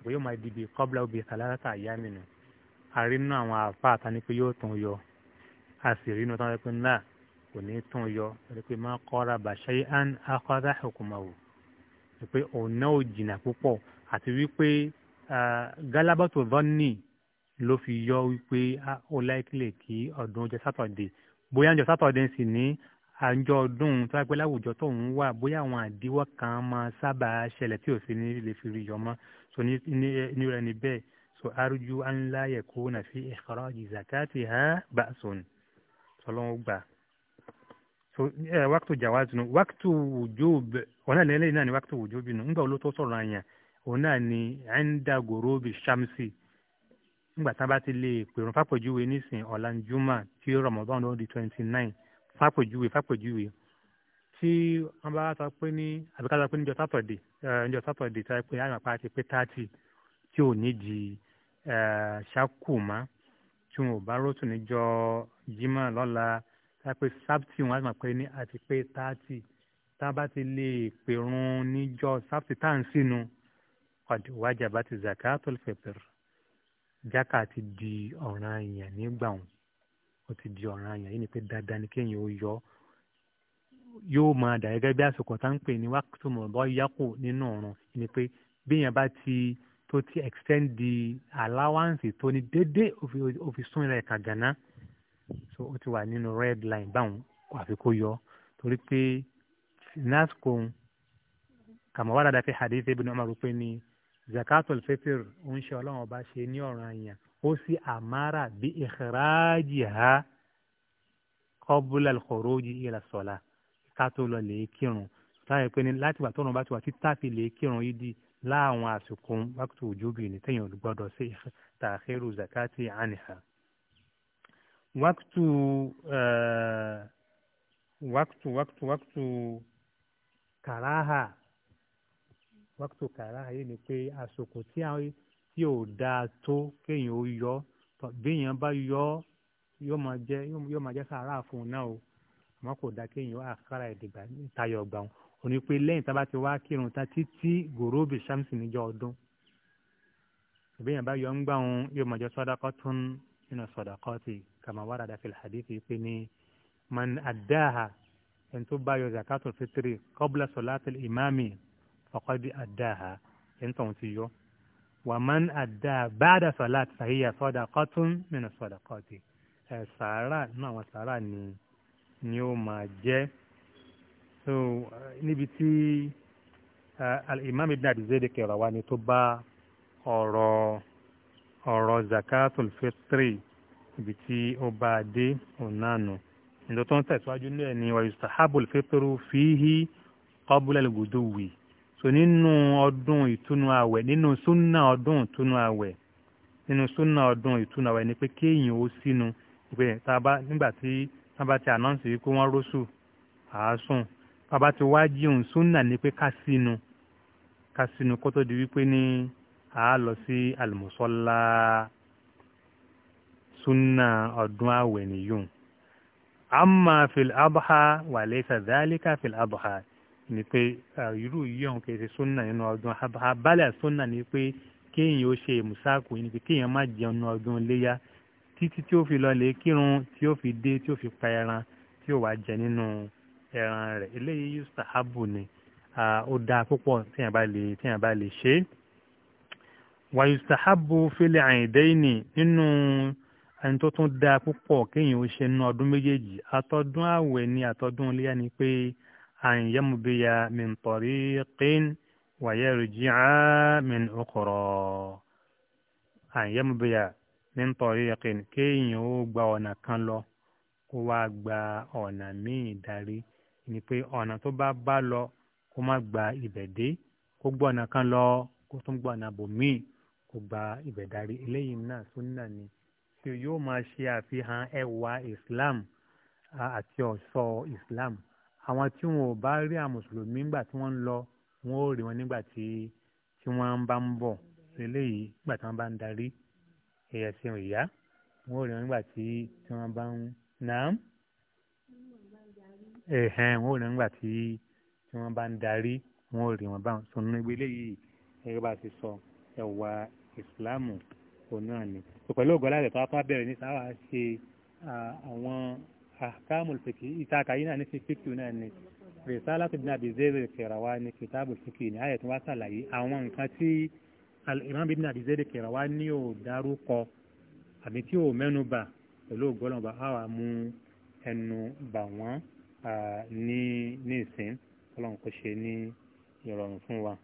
bóyá ó máa di bíi kọ́bùlà òbí sàlárà àṣírí inú táwọn ẹgbẹ́ náà kò ní tún yọ ẹni pé máa kọ́ra bàṣẹ́ án akọ́dá hukumahu ẹni pé òun náà ò jìnnà púpọ̀ àti wípé galabatu vanni ló fi yọ wípé ó láìkílè kí ọdún ọjọ́ sátọ̀dé bóyá ọjọ́ sátọ̀dé sì ní àjọ ọdún tó wáá pé láwùjọ tó ń wà bóyá àwọn àdíwọ́ kan máa sábà ṣẹlẹ̀ tí ò sí ní lè fi rí yọmọ́ so ní rẹ̀ ní bẹ́ẹ̀ so arju an la yakuna fi ikhraj zakatiha ba'sun ọlọ́run gbà so ẹ wákìtò jàwáàzù nù wákìtò wujub òun náà lẹ́lẹ́yìn náà ni wákìtò wujub nù ńgbà olóòótọ́ sọ̀rọ̀ àyàn òun náà ni ẹ̀ńdà gòròbì shamsi ńgbà tá a bá ti lè pèrún fàpọ̀júwe nísìn ọ̀làjúmọ̀ tí Ramadan ló di twenty nine fàpọ̀júwe fàpọ̀júwe tí wọ́n bá sọ pé ní àbíká sọ pé níjọ sátọ̀dẹ̀ níjọ sátọ̀dẹ̀ tí wọ́n pe àyàn apá ti pé thirty tí ò ní di shakuma. mọ́ tí wọn ò bá rótù níjọ jimá lọ́la sápẹ́ sábtì wọn á máa pẹ́ ní àti pé táàtì tá a bá ti lè pèrún níjọ́ sábtì tá à ń sínú wájà bá ti zakatul fitr jákà ti di ọ̀ràn èèyàn nígbà wọn ó ti di ọ̀ràn èèyàn yìí ni pé dandan ni kéèyàn ó yọ yóò máa dà gẹ́gẹ́ bí àsìkò tá à ń pè ní wákàtí mọ̀ọ́bọ́ yákò nínú ọ̀run ni pé bí èèyàn bá ti tó ti extend the allowance tó ní déédéé òfin sún rẹ̀ kàgànná so ó ti wà nínú red line báwọn kò àfi kó yọ torí pé nasco kàmọ́ wà dáadáa fi hadith ibn Umar pé ní zakatul fitr ó ń ṣe ọlọ́run ọba ṣe ní ọ̀ràn àyàn ó sì àmàrà bí ikhrajiha qabla al-khuruji ila as-salah ká tó lọ lè kírun táyà pé ní láti wà tọ́nà bá ti wà tí táàfì lè kírun yìí di láwọn àsìkò wákàtí òjòbí ní tẹ̀yìn olùgbọ́dọ̀ sí tàkírù zakati anha. وقت وقت eh, waktu waktu kàráhà wákàtò kàráhà yìí ni pé àsòkò tí ò dáa tó kéèyàn ó yọ béèyàn bá yọ yóò máa jẹ yóò máa jẹ sàárà fún un náà o àmọ́ kò dáa kéèyàn ó àkàrà ìdìgbà tayọ ọgbà wọn ò ní pé lẹ́yìn tá a bá ti wá kírun ta títí gòróbì samson níjọ ọdún béèyàn bá yọ ń gbà wọn yóò máa jẹ sọdọkọ tún nínú sọdọkọ tì kama warada fil hadithi pé ní man addaha ẹni tó bá yọ zakatul fitri qabla solatil imami faqad addaha ẹni tó ń ti yọ wa man addaha ba'da solat fahiya sadaqatun min sadaqati ẹ sàárà náà àwọn sàárà ni ni ó máa jẹ́ so níbi tí al-imam ibn abi zayd kẹrọ wa ni tó bá ọ̀rọ̀ ọ̀rọ̀ zakatul fitri ibi tí ó bá a dé òun náà ìjọ tó ń tẹ̀síwájú lẹ́ẹ̀ ni wàyùsùtà habul fẹ́tọ́rù fíhí qabulal guduwi so nínú ọdún ìtúnu àwẹ̀ nínú súnà ọdún ìtúnu àwẹ̀ nínú súnà ọdún ìtúnu àwẹ̀ ni pé kéèyàn ó sínú ìpè nígbà tí wọ́n bá ti ànáǹsì wípé wọ́n róṣù àásùn bàbá ti wá jíun súnà ni pé ká sínú ká sínú kó di wípé ní àá lọ sí àlùmọ́sọ́lá súnà ọdún àwẹ̀ nìyún amma fil abha wà laysa dhalika fil abha ni pé irú yíyàn kì í ṣe súnà nínú ọdún abha balẹ̀ súnà ni pé kéèyàn ó ṣe ìmùsáàkù yìí ni pé kéèyàn má jẹun nínú ọdún léyà títí tí ó fi lọlé kírun tí ó fi dé tí ó fi pa ẹran tí ó wàá jẹ nínú ẹran rẹ̀ eléyìí yustahabu ni ó dáa púpọ̀ téèyàn bá lè ṣe wàyùsàhábù fílẹ̀ àyìndẹ́yìnì nínú ẹni tó tún dáa púpọ̀ kéèyàn ó ṣe nínú ọdún méjèèjì àtọdún ààwẹ̀ ni àtọdún iléyà ni pé àyìnyẹ́mubiya min tariqin wa yarji'a min ukhra àyìnyẹ́mubiya min tariqin kéèyàn ó gba ọ̀nà kan lọ kó wá gba ọ̀nà míì darí ni pé ọ̀nà tó bá bá lọ kó má gba ibẹ̀ dé kó gbọ́ ọ̀nà kan lọ kó tún gbọ́ ọ̀nà bòmíì kó gba ibẹ̀ darí eléyìí náà súnà ni tí yóò máa ṣe àfihàn ẹwà islam àti ọ̀ṣọ́ islam àwọn tí wọn ò bá rí àwọn mùsùlùmí nígbà tí wọ́n ń lọ wọn ò rí wọn nígbà tí tí wọ́n bá ń bọ̀ eléyìí nígbà tí wọ́n bá ń darí ẹ̀yà ṣeun ìyá wọn ò rí wọn nígbà tí tí wọ́n bá ń náà ẹ̀hẹ́n wọn ò rí wọn nígbà tí tí wọ́n bá ń darí wọn ò rí wọn báwọn sọ̀nù eléyìí ẹ̀rọ bá ti sọ ẹ̀wà ìsìláàmù òun náà ni pẹ̀lú ògbọ́n láti pápá bẹ̀rẹ̀ ní sáwà ṣe àwọn àkàmù fìkì ìtaka yìí náà ní fífíkì náà ni rìsálà tó dínà bìzẹ́rẹ̀ kẹràwá ní kìtàbù fìkì ní ayẹ̀ tó wá sàlàyé àwọn nǹkan tí ìmọ̀ bíbí náà bìzẹ́rẹ̀ kẹràwá ní ò dárúkọ àbí tí ò mẹ́nuba pẹ̀lú ògbọ́n ọba àwa mú ẹnu bà wọ́n ní ìsìn ọlọ́run kò ṣe ní ìrọ̀rùn fún wa.